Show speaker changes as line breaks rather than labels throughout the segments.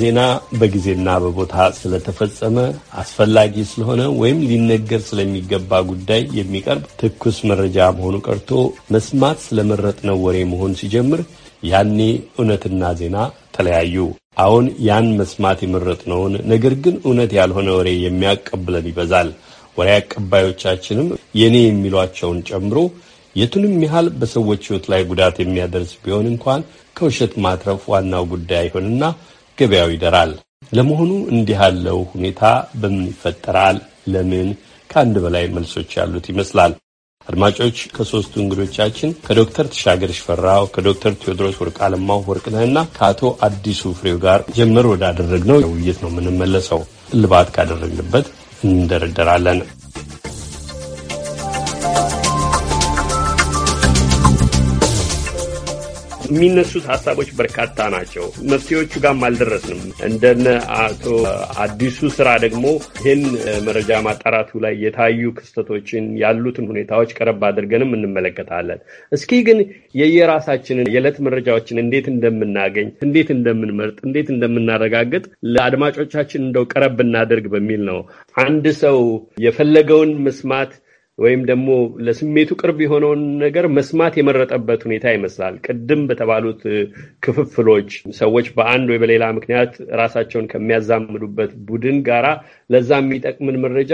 ዜና በጊዜና በቦታ ስለተፈጸመ አስፈላጊ ስለሆነ ወይም ሊነገር ስለሚገባ ጉዳይ የሚቀርብ ትኩስ መረጃ መሆኑ ቀርቶ መስማት ስለመረጥነው ወሬ መሆን ሲጀምር ያኔ እውነትና ዜና ተለያዩ። አሁን ያን መስማት የመረጥነውን ነገር ግን እውነት ያልሆነ ወሬ የሚያቀብለን ይበዛል። ወሬ አቀባዮቻችንም የኔ የሚሏቸውን ጨምሮ የቱንም ያህል በሰዎች ሕይወት ላይ ጉዳት የሚያደርስ ቢሆን እንኳን ከውሸት ማትረፍ ዋናው ጉዳይ አይሆንና ገበያው ይደራል። ለመሆኑ እንዲህ ያለው ሁኔታ በምን ይፈጠራል? ለምን? ከአንድ በላይ መልሶች ያሉት ይመስላል። አድማጮች ከሶስቱ እንግዶቻችን ከዶክተር ተሻገር ሽፈራው፣ ከዶክተር ቴዎድሮስ ወርቅ አለማው ወርቅነህና ከአቶ አዲሱ ፍሬው ጋር ጀምር ወዳደረግነው ውይይት ነው የምንመለሰው። እልባት ካደረግንበት እንደረደራለን። የሚነሱት ሀሳቦች በርካታ ናቸው። መፍትሄዎቹ ጋርም አልደረስንም። እንደነ አቶ አዲሱ ስራ ደግሞ ይህን መረጃ ማጣራቱ ላይ የታዩ ክስተቶችን ያሉትን ሁኔታዎች ቀረብ አድርገንም እንመለከታለን። እስኪ ግን የየራሳችንን የዕለት መረጃዎችን እንዴት እንደምናገኝ፣ እንዴት እንደምንመርጥ፣ እንዴት እንደምናረጋግጥ ለአድማጮቻችን እንደው ቀረብ እናደርግ በሚል ነው አንድ ሰው የፈለገውን መስማት ወይም ደግሞ ለስሜቱ ቅርብ የሆነውን ነገር መስማት የመረጠበት ሁኔታ ይመስላል። ቅድም በተባሉት ክፍፍሎች ሰዎች በአንድ ወይ በሌላ ምክንያት ራሳቸውን ከሚያዛምዱበት ቡድን ጋራ ለዛ የሚጠቅምን መረጃ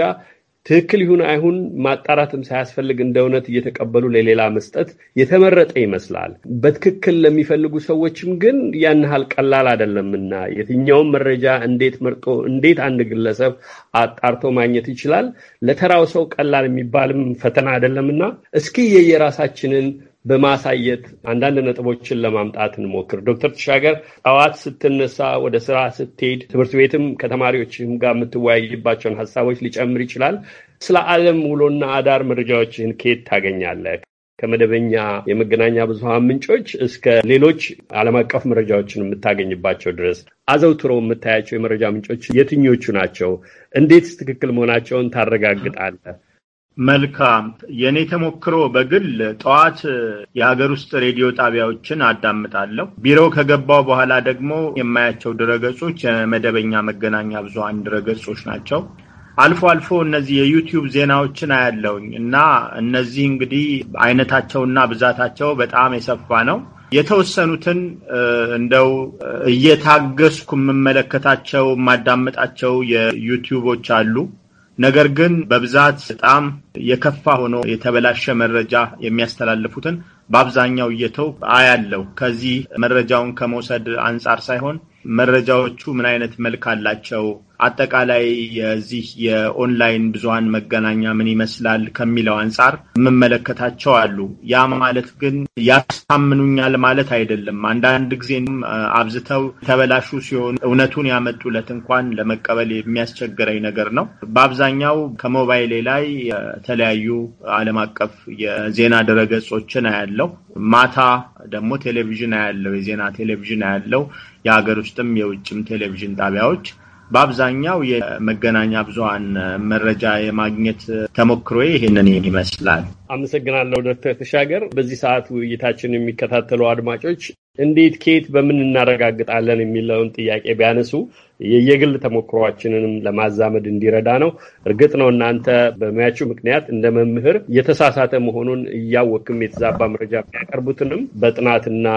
ትክክል ይሁን አይሁን ማጣራትም ሳያስፈልግ እንደ እውነት እየተቀበሉ ለሌላ መስጠት የተመረጠ ይመስላል። በትክክል ለሚፈልጉ ሰዎችም ግን ያን ያህል ቀላል አይደለምና የትኛውም መረጃ እንዴት መርጦ እንዴት አንድ ግለሰብ አጣርቶ ማግኘት ይችላል፣ ለተራው ሰው ቀላል የሚባልም ፈተና አይደለምና እስኪ የየራሳችንን በማሳየት አንዳንድ ነጥቦችን ለማምጣት እንሞክር። ዶክተር ተሻገር ጠዋት ስትነሳ፣ ወደ ስራ ስትሄድ፣ ትምህርት ቤትም ከተማሪዎችም ጋር የምትወያይባቸውን ሀሳቦች ሊጨምር ይችላል። ስለ ዓለም ውሎና አዳር መረጃዎችን ከየት ታገኛለህ? ከመደበኛ የመገናኛ ብዙሃን ምንጮች እስከ ሌሎች ዓለም አቀፍ መረጃዎችን የምታገኝባቸው ድረስ አዘውትሮ የምታያቸው የመረጃ ምንጮች የትኞቹ ናቸው? እንዴትስ ትክክል
መሆናቸውን ታረጋግጣለህ? መልካም። የእኔ ተሞክሮ በግል ጠዋት የሀገር ውስጥ ሬዲዮ ጣቢያዎችን አዳምጣለሁ። ቢሮ ከገባው በኋላ ደግሞ የማያቸው ድረገጾች የመደበኛ መገናኛ ብዙኃን ድረገጾች ናቸው። አልፎ አልፎ እነዚህ የዩቲዩብ ዜናዎችን አያለውኝ እና እነዚህ እንግዲህ አይነታቸውና ብዛታቸው በጣም የሰፋ ነው። የተወሰኑትን እንደው እየታገስኩ የምመለከታቸው የማዳምጣቸው የዩቲዩቦች አሉ። ነገር ግን በብዛት በጣም የከፋ ሆኖ የተበላሸ መረጃ የሚያስተላልፉትን በአብዛኛው እየተው አያለው። ከዚህ መረጃውን ከመውሰድ አንጻር ሳይሆን መረጃዎቹ ምን አይነት መልክ አላቸው አጠቃላይ የዚህ የኦንላይን ብዙሀን መገናኛ ምን ይመስላል ከሚለው አንጻር የምመለከታቸው አሉ። ያ ማለት ግን ያስታምኑኛል ማለት አይደለም። አንዳንድ ጊዜም አብዝተው ተበላሹ ሲሆኑ እውነቱን ያመጡለት እንኳን ለመቀበል የሚያስቸግረኝ ነገር ነው። በአብዛኛው ከሞባይሌ ላይ የተለያዩ ዓለም አቀፍ የዜና ድረገጾችን አያለው። ማታ ደግሞ ቴሌቪዥን አያለው፣ የዜና ቴሌቪዥን አያለው። የሀገር ውስጥም የውጭም ቴሌቪዥን ጣቢያዎች በአብዛኛው የመገናኛ ብዙሀን መረጃ የማግኘት ተሞክሮ ይህንን ይመስላል።
አመሰግናለሁ ዶክተር ተሻገር። በዚህ ሰዓት ውይይታችን የሚከታተሉ አድማጮች እንዴት፣ ከየት፣ በምን እናረጋግጣለን የሚለውን ጥያቄ ቢያነሱ የየግል ተሞክሯችንንም ለማዛመድ እንዲረዳ ነው። እርግጥ ነው እናንተ በሙያችሁ ምክንያት እንደ መምህር የተሳሳተ መሆኑን እያወክም የተዛባ መረጃ የሚያቀርቡትንም በጥናትና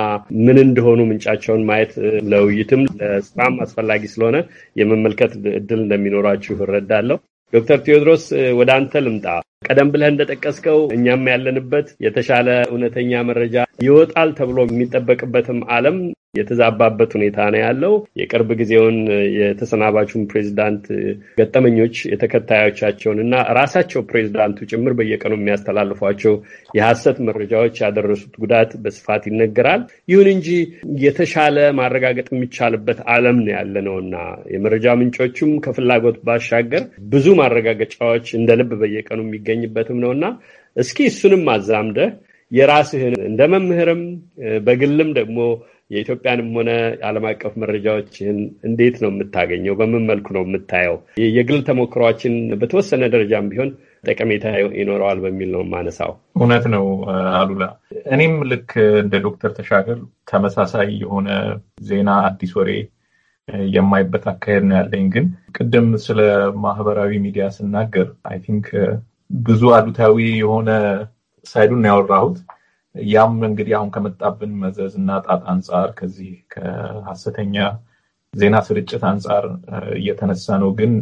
ምን እንደሆኑ ምንጫቸውን ማየት ለውይይትም ለስራም አስፈላጊ ስለሆነ የመመልከት እድል እንደሚኖራችሁ እረዳለሁ። ዶክተር ቴዎድሮስ ወደ አንተ ልምጣ። ቀደም ብለህ እንደጠቀስከው እኛም ያለንበት የተሻለ እውነተኛ መረጃ ይወጣል ተብሎ የሚጠበቅበትም ዓለም የተዛባበት ሁኔታ ነው ያለው። የቅርብ ጊዜውን የተሰናባቹን ፕሬዚዳንት ገጠመኞች የተከታዮቻቸውን እና ራሳቸው ፕሬዚዳንቱ ጭምር በየቀኑ የሚያስተላልፏቸው የሐሰት መረጃዎች ያደረሱት ጉዳት በስፋት ይነገራል። ይሁን እንጂ የተሻለ ማረጋገጥ የሚቻልበት ዓለም ነው ያለ እና የመረጃ ምንጮቹም ከፍላጎት ባሻገር ብዙ ማረጋገጫዎች እንደ ልብ በየቀኑ የሚገኝበትም እና እስኪ እሱንም አዛምደህ የራስህን እንደ መምህርም በግልም ደግሞ የኢትዮጵያንም ሆነ የዓለም አቀፍ መረጃዎችን እንዴት ነው የምታገኘው? በምን መልኩ ነው የምታየው? የግል ተሞክሯችን በተወሰነ ደረጃም ቢሆን ጠቀሜታ ይኖረዋል በሚል ነው የማነሳው።
እውነት ነው አሉላ። እኔም ልክ እንደ ዶክተር ተሻገር ተመሳሳይ የሆነ ዜና አዲስ ወሬ የማይበት አካሄድ ነው ያለኝ። ግን ቅድም ስለ ማህበራዊ ሚዲያ ስናገር አይ ቲንክ ብዙ አሉታዊ የሆነ ሳይዱን ያወራሁት ያም እንግዲህ አሁን ከመጣብን መዘዝ እና ጣጣ አንጻር ከዚህ ከሀሰተኛ ዜና ስርጭት አንጻር እየተነሳ ነው። ግን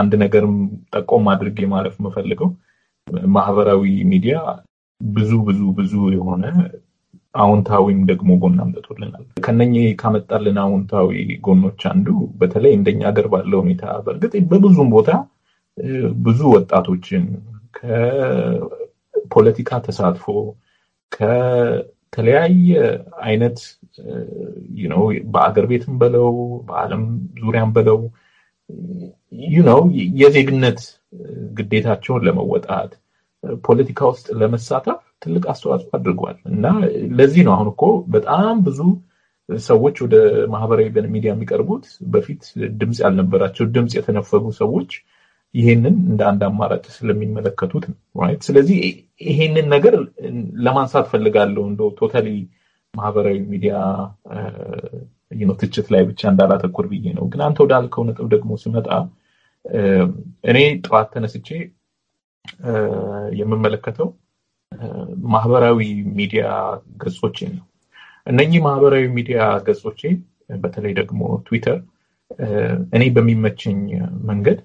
አንድ ነገርም ጠቆም አድርጌ ማለፍ የምፈልገው ማህበራዊ ሚዲያ ብዙ ብዙ ብዙ የሆነ አዎንታዊም ደግሞ ጎን አምጥቶልናል። ከነኚህ ካመጣልን አዎንታዊ ጎኖች አንዱ በተለይ እንደኛ ሀገር ባለ ሁኔታ በእርግጥ በብዙም ቦታ ብዙ ወጣቶችን ከፖለቲካ ተሳትፎ ከተለያየ አይነት ነው በአገር ቤትም በለው በዓለም ዙሪያም በለው ነው የዜግነት ግዴታቸውን ለመወጣት ፖለቲካ ውስጥ ለመሳተፍ ትልቅ አስተዋጽኦ አድርጓል እና ለዚህ ነው አሁን እኮ በጣም ብዙ ሰዎች ወደ ማህበራዊ ሚዲያ የሚቀርቡት በፊት ድምፅ ያልነበራቸው ድምፅ የተነፈጉ ሰዎች ይሄንን እንደ አንድ አማራጭ ስለሚመለከቱት ነው። ስለዚህ ይሄንን ነገር ለማንሳት ፈልጋለሁ እንደ ቶታሊ ማህበራዊ ሚዲያ ትችት ላይ ብቻ እንዳላተኩር ብዬ ነው። ግን አንተ ወዳልከው ነጥብ ደግሞ ስመጣ እኔ ጠዋት ተነስቼ የምመለከተው ማህበራዊ ሚዲያ ገጾች ነው። እነኚህ ማህበራዊ ሚዲያ ገጾቼ በተለይ ደግሞ ትዊተር እኔ በሚመቸኝ መንገድ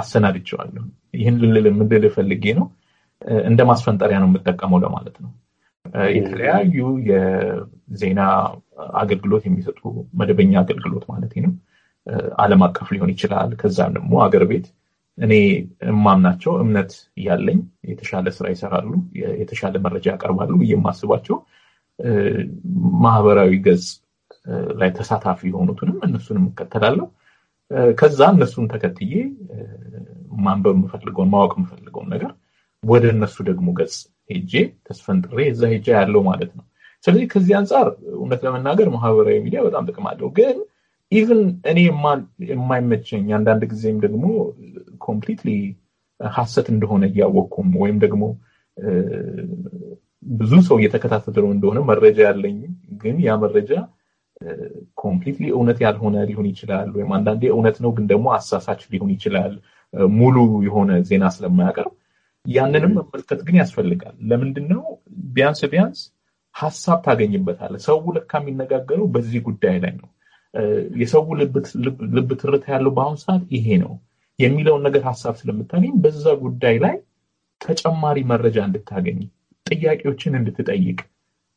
አሰናድቼዋለሁ። ይህን ልልል ምልል ፈልጌ ነው። እንደ ማስፈንጠሪያ ነው የምጠቀመው ለማለት ነው። የተለያዩ የዜና አገልግሎት የሚሰጡ መደበኛ አገልግሎት ማለት ነው። ዓለም አቀፍ ሊሆን ይችላል። ከዛም ደግሞ አገር ቤት እኔ እማምናቸው እምነት ያለኝ የተሻለ ስራ ይሰራሉ፣ የተሻለ መረጃ ያቀርባሉ ብዬ የማስባቸው ማህበራዊ ገጽ ላይ ተሳታፊ የሆኑትንም እነሱንም እከተላለሁ። ከዛ እነሱን ተከትዬ ማንበብ የምፈልገውን ማወቅ የምፈልገውን ነገር ወደ እነሱ ደግሞ ገጽ ሄጄ ተስፈንጥሬ እዛ ሄጄ ያለው ማለት ነው። ስለዚህ ከዚህ አንጻር እውነት ለመናገር ማህበራዊ ሚዲያ በጣም ጥቅም አለው። ግን ኢቭን እኔ የማይመቸኝ አንዳንድ ጊዜም ደግሞ ኮምፕሊትሊ ሀሰት እንደሆነ እያወቅኩም ወይም ደግሞ ብዙ ሰው እየተከታተለው እንደሆነ መረጃ ያለኝ ግን ያ መረጃ ኮምፕሊትሊ እውነት ያልሆነ ሊሆን ይችላል፣ ወይም አንዳንዴ እውነት ነው ግን ደግሞ አሳሳች ሊሆን ይችላል ሙሉ የሆነ ዜና ስለማያቀርብ ያንንም መመልከት ግን ያስፈልጋል። ለምንድን ነው ቢያንስ ቢያንስ ሀሳብ ታገኝበታለ። ሰው ለካ የሚነጋገረው በዚህ ጉዳይ ላይ ነው፣ የሰው ልብ ትርታ ያለው በአሁኑ ሰዓት ይሄ ነው የሚለውን ነገር ሀሳብ ስለምታገኝ በዛ ጉዳይ ላይ ተጨማሪ መረጃ እንድታገኝ ጥያቄዎችን እንድትጠይቅ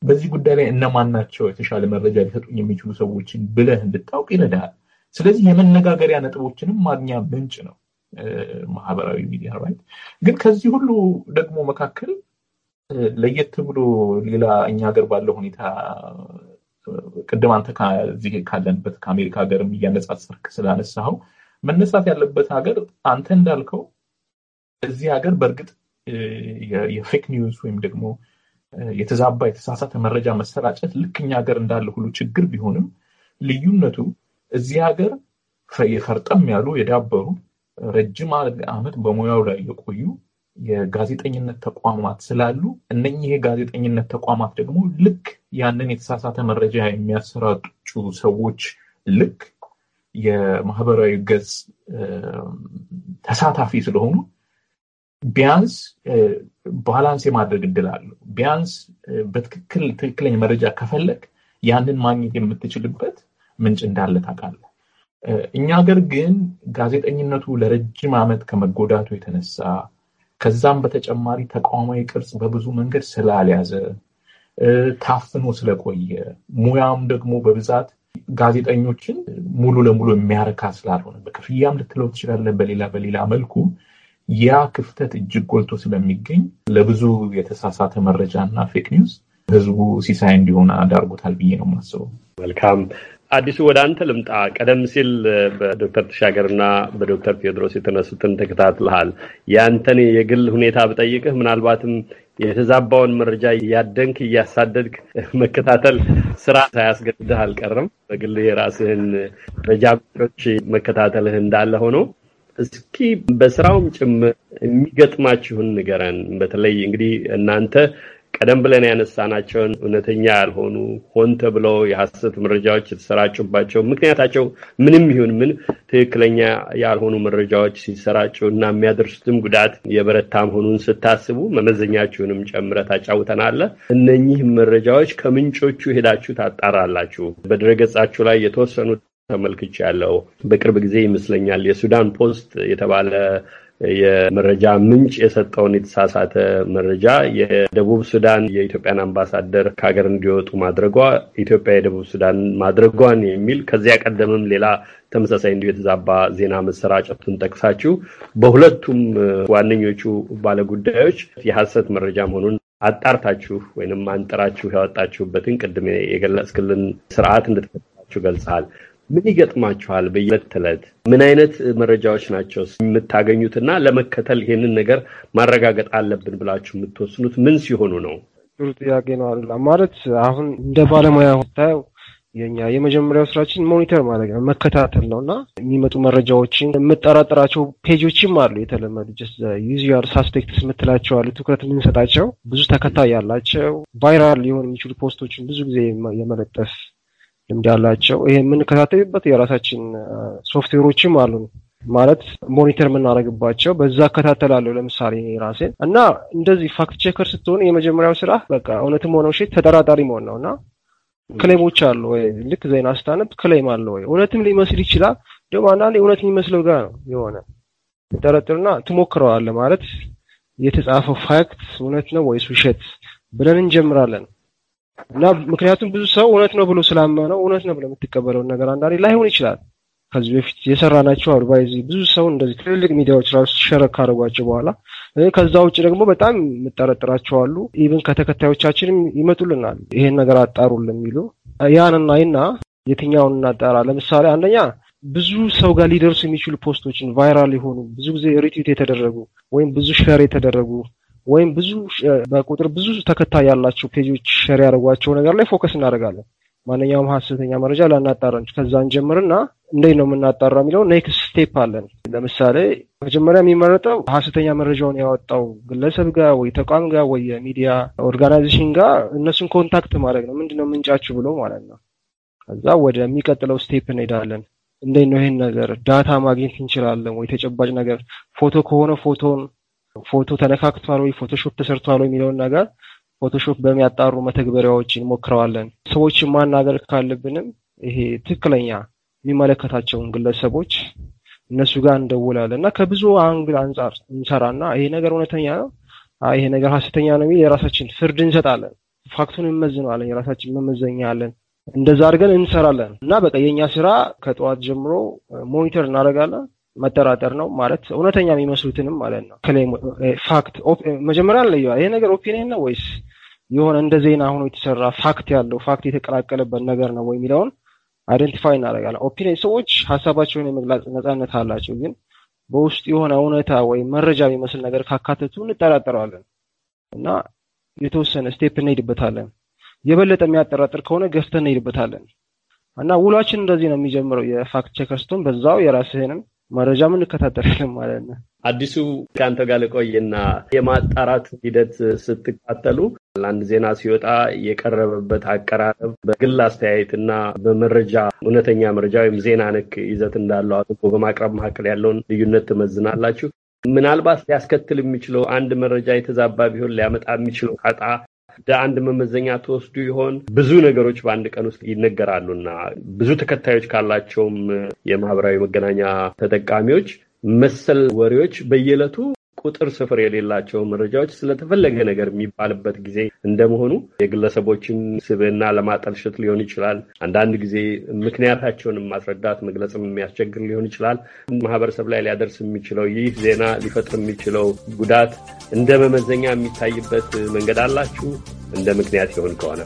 በዚህ ጉዳይ ላይ እነማን ናቸው የተሻለ መረጃ ሊሰጡኝ የሚችሉ ሰዎችን ብለህ እንድታውቅ ይረዳል። ስለዚህ የመነጋገሪያ ነጥቦችንም ማግኛ ምንጭ ነው ማህበራዊ ሚዲያ ራይት። ግን ከዚህ ሁሉ ደግሞ መካከል ለየት ብሎ ሌላ እኛ ሀገር ባለው ሁኔታ ቅድም አንተ ከዚህ ካለንበት ከአሜሪካ ሀገር እያነጻጸርክ ስላነሳኸው መነሳት ያለበት ሀገር አንተ እንዳልከው እዚህ ሀገር በእርግጥ የፌክ ኒውስ ወይም ደግሞ የተዛባ የተሳሳተ መረጃ መሰራጨት ልክ እኛ ሀገር እንዳለ ሁሉ ችግር ቢሆንም ልዩነቱ እዚህ ሀገር የፈርጠም ያሉ የዳበሩ ረጅም ዓመት በሙያው ላይ የቆዩ የጋዜጠኝነት ተቋማት ስላሉ እነኚህ የጋዜጠኝነት ተቋማት ደግሞ ልክ ያንን የተሳሳተ መረጃ የሚያሰራጩ ሰዎች ልክ የማህበራዊ ገጽ ተሳታፊ ስለሆኑ ቢያንስ ባላንስ የማድረግ እድል አለው። ቢያንስ በትክክል ትክክለኛ መረጃ ከፈለግ ያንን ማግኘት የምትችልበት ምንጭ እንዳለ ታውቃለህ። እኛ ሀገር ግን ጋዜጠኝነቱ ለረጅም ዓመት ከመጎዳቱ የተነሳ ከዛም በተጨማሪ ተቋማዊ ቅርጽ በብዙ መንገድ ስላልያዘ ታፍኖ ስለቆየ ሙያም ደግሞ በብዛት ጋዜጠኞችን ሙሉ ለሙሉ የሚያረካ ስላልሆነ በክፍያም ልትለው ትችላለን፣ በሌላ በሌላ መልኩ ያ ክፍተት እጅግ ጎልቶ ስለሚገኝ ለብዙ የተሳሳተ መረጃ እና ፌክ ኒውስ ህዝቡ ሲሳይ እንዲሆን አዳርጎታል ብዬ ነው የማስበው።
መልካም አዲሱ ወደ አንተ ልምጣ። ቀደም ሲል በዶክተር ተሻገርና በዶክተር ቴዎድሮስ የተነሱትን ተከታትልሃል። ያንተን የግል ሁኔታ ብጠይቅህ ምናልባትም የተዛባውን መረጃ እያደንክ እያሳደድክ መከታተል ስራ ሳያስገድድህ አልቀርም። በግል የራስህን መረጃ ምንጮች መከታተልህ እንዳለ ሆኖ እስኪ በስራውም ጭምር የሚገጥማችሁን ንገረን። በተለይ እንግዲህ እናንተ ቀደም ብለን ያነሳናቸውን እውነተኛ ያልሆኑ ሆን ተብለው የሐሰት መረጃዎች የተሰራጩባቸው ምክንያታቸው ምንም ይሁን ምን ትክክለኛ ያልሆኑ መረጃዎች ሲሰራጩ እና የሚያደርሱትም ጉዳት የበረታ መሆኑን ስታስቡ መመዘኛችሁንም ጨምረ ታጫውተናለ። እነኚህ መረጃዎች ከምንጮቹ ሄዳችሁ ታጣራላችሁ። በድረገጻችሁ ላይ የተወሰኑ ተመልክቻለሁ። በቅርብ ጊዜ ይመስለኛል የሱዳን ፖስት የተባለ የመረጃ ምንጭ የሰጠውን የተሳሳተ መረጃ የደቡብ ሱዳን የኢትዮጵያን አምባሳደር ከሀገር እንዲወጡ ማድረጓ ኢትዮጵያ የደቡብ ሱዳን ማድረጓን የሚል ከዚያ ቀደምም ሌላ ተመሳሳይ እንዲሁ የተዛባ ዜና መሰራጨቱን ጠቅሳችሁ በሁለቱም ዋነኞቹ ባለጉዳዮች የሐሰት መረጃ መሆኑን አጣርታችሁ ወይም አንጥራችሁ ያወጣችሁበትን ቅድም የገለጽክልን ስርዓት እንደተከተላችሁ ገልጸሃል። ምን ይገጥማችኋል? በየዕለት ተዕለት ምን አይነት መረጃዎች ናቸው የምታገኙት? እና ለመከተል ይህንን ነገር ማረጋገጥ አለብን ብላችሁ የምትወስኑት ምን ሲሆኑ ነው?
ጥሩ ጥያቄ ነው አሉላ። ማለት አሁን እንደ ባለሙያ ታየው የኛ የመጀመሪያው ስራችን ሞኒተር ማድረግ ነው፣ መከታተል ነው እና የሚመጡ መረጃዎችን የምጠራጠራቸው ፔጆችም አሉ። የተለመዱ ዩዚር ሳስፔክትስ የምትላቸው አሉ፣ ትኩረት የምንሰጣቸው ብዙ ተከታይ ያላቸው ቫይራል ሊሆን የሚችሉ ፖስቶችን ብዙ ጊዜ የመለጠፍ ልምድ ያላቸው ይሄ የምንከታተልበት የራሳችን ሶፍትዌሮችም አሉን ማለት ሞኒተር የምናደርግባቸው በዛ እከታተላለሁ። ለምሳሌ ራሴን እና እንደዚህ ፋክት ቼከር ስትሆን የመጀመሪያው ስራ በቃ እውነትም ሆነው ሼት ተጠራጣሪ መሆን ነው እና ክሌሞች አሉ ወይ ልክ ዜና ስታነብ ክሌም አለ ወይ እውነትም ሊመስል ይችላል። ደግሞ አንዳንዴ እውነት የሚመስለው ጋር ነው የሆነ ተጠረጥርና ትሞክረዋለህ ማለት የተጻፈው ፋክት እውነት ነው ወይስ ውሸት ብለን እንጀምራለን። እና ምክንያቱም ብዙ ሰው እውነት ነው ብሎ ስላመነው እውነት ነው ብሎ የምትቀበለውን ነገር አንዳንዴ ላይሆን ይችላል። ከዚህ በፊት የሰራናቸው አድቫይዝ ብዙ ሰውን እንደዚህ ትልልቅ ሚዲያዎች ራሱ ሸረክ ካደረጓቸው በኋላ ከዛ ውጭ ደግሞ በጣም የምጠረጥራቸው አሉ። ኢቭን ከተከታዮቻችንም ይመጡልናል ይሄን ነገር አጣሩልን የሚሉ ያንና ይና የትኛውን እናጣራ። ለምሳሌ አንደኛ ብዙ ሰው ጋር ሊደርሱ የሚችሉ ፖስቶችን ቫይራል የሆኑ ብዙ ጊዜ ሪትዊት የተደረጉ ወይም ብዙ ሸር የተደረጉ ወይም ብዙ በቁጥር ብዙ ተከታይ ያላቸው ፔጆች ሸር ያደርጓቸው ነገር ላይ ፎከስ እናደርጋለን። ማንኛውም ሀሰተኛ መረጃ ላናጣራ ከዛን ጀምርና እንዴት ነው የምናጣራ የሚለው ኔክስት ስቴፕ አለን። ለምሳሌ መጀመሪያ የሚመረጠው ሀሰተኛ መረጃውን ያወጣው ግለሰብ ጋር ወይ ተቋም ጋር ወይ የሚዲያ ኦርጋናይዜሽን ጋር እነሱን ኮንታክት ማድረግ ነው። ምንድነው ምንጫችሁ ብሎ ማለት ነው። ከዛ የሚቀጥለው ስቴፕ እንሄዳለን። እንዴት ነው ይህን ነገር ዳታ ማግኘት እንችላለን ወይ? ተጨባጭ ነገር ፎቶ ከሆነ ፎቶን ፎቶ ተነካክቷል ወይ ፎቶሾፕ ተሰርቷል ወይ የሚለውን ነገር ፎቶሾፕ በሚያጣሩ መተግበሪያዎች እንሞክረዋለን። ሰዎችን ማናገር ካለብንም ይሄ ትክክለኛ የሚመለከታቸውን ግለሰቦች እነሱ ጋር እንደውላለን እና ከብዙ አንግል አንጻር እንሰራና ይሄ ነገር እውነተኛ ነው፣ ይሄ ነገር ሀሰተኛ ነው የሚል የራሳችን ፍርድ እንሰጣለን። ፋክቱን እንመዝነዋለን። የራሳችን መመዘኛ አለን። እንደዛ አድርገን እንሰራለን እና በቃ የኛ ስራ ከጠዋት ጀምሮ ሞኒተር እናደርጋለን። መጠራጠር ነው ማለት እውነተኛ የሚመስሉትንም ማለት ነው። ፋክት መጀመሪያ ለየ ይሄ ነገር ኦፒኒየን ነው ወይስ የሆነ እንደ ዜና ሆኖ የተሰራ ፋክት ያለው ፋክት የተቀላቀለበት ነገር ነው ወይ የሚለውን አይደንቲፋይ እናደርጋለን። ኦፒኒየን ሰዎች ሀሳባቸውን የመግለጽ ነፃነት አላቸው፣ ግን በውስጡ የሆነ እውነታ ወይም መረጃ የሚመስል ነገር ካካተቱ እንጠራጠረዋለን እና የተወሰነ ስቴፕ እንሄድበታለን። የበለጠ የሚያጠራጥር ከሆነ ገፍተን እንሄድበታለን እና ውሏችን እንደዚህ ነው የሚጀምረው። የፋክት ቼከርስቶን በዛው የራስህንም መረጃ ምን እንከታተላለን ማለት ነው።
አዲሱ ከአንተ ጋር ልቆይና የማጣራት ሂደት ስትካተሉ ለአንድ ዜና ሲወጣ የቀረበበት አቀራረብ በግል አስተያየትና በመረጃ እውነተኛ መረጃ ወይም ዜና ነክ ይዘት እንዳለው አድርጎ በማቅረብ መካከል ያለውን ልዩነት ትመዝናላችሁ። ምናልባት ሊያስከትል የሚችለው አንድ መረጃ የተዛባ ቢሆን ሊያመጣ የሚችለው ጣጣ እንደ አንድ መመዘኛ ተወስዱ ይሆን? ብዙ ነገሮች በአንድ ቀን ውስጥ ይነገራሉና ብዙ ተከታዮች ካላቸውም የማህበራዊ መገናኛ ተጠቃሚዎች መሰል ወሬዎች በየዕለቱ ቁጥር ስፍር የሌላቸው መረጃዎች ስለተፈለገ ነገር የሚባልበት ጊዜ እንደመሆኑ የግለሰቦችን ስብዕና ለማጠልሸት ሊሆን ይችላል። አንዳንድ ጊዜ ምክንያታቸውን ማስረዳት መግለጽም የሚያስቸግር ሊሆን ይችላል። ማህበረሰብ ላይ ሊያደርስ የሚችለው ይህ ዜና ሊፈጥር የሚችለው ጉዳት እንደ መመዘኛ የሚታይበት መንገድ አላችሁ እንደ ምክንያት ይሆን ከሆነ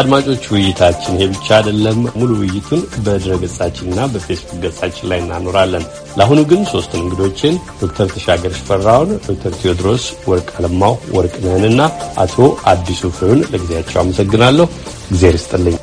አድማጮች ውይይታችን ይሄ ብቻ አይደለም። ሙሉ ውይይቱን በድረ ገጻችንና በፌስቡክ ገጻችን ላይ እናኖራለን። ለአሁኑ ግን ሶስቱን እንግዶችን ዶክተር ተሻገር ሽፈራውን፣ ዶክተር ቴዎድሮስ ወርቅ አለማው ወርቅነህንና አቶ አዲሱ ፍሩን ለጊዜያቸው አመሰግናለሁ። እግዜር ይስጥልኝ።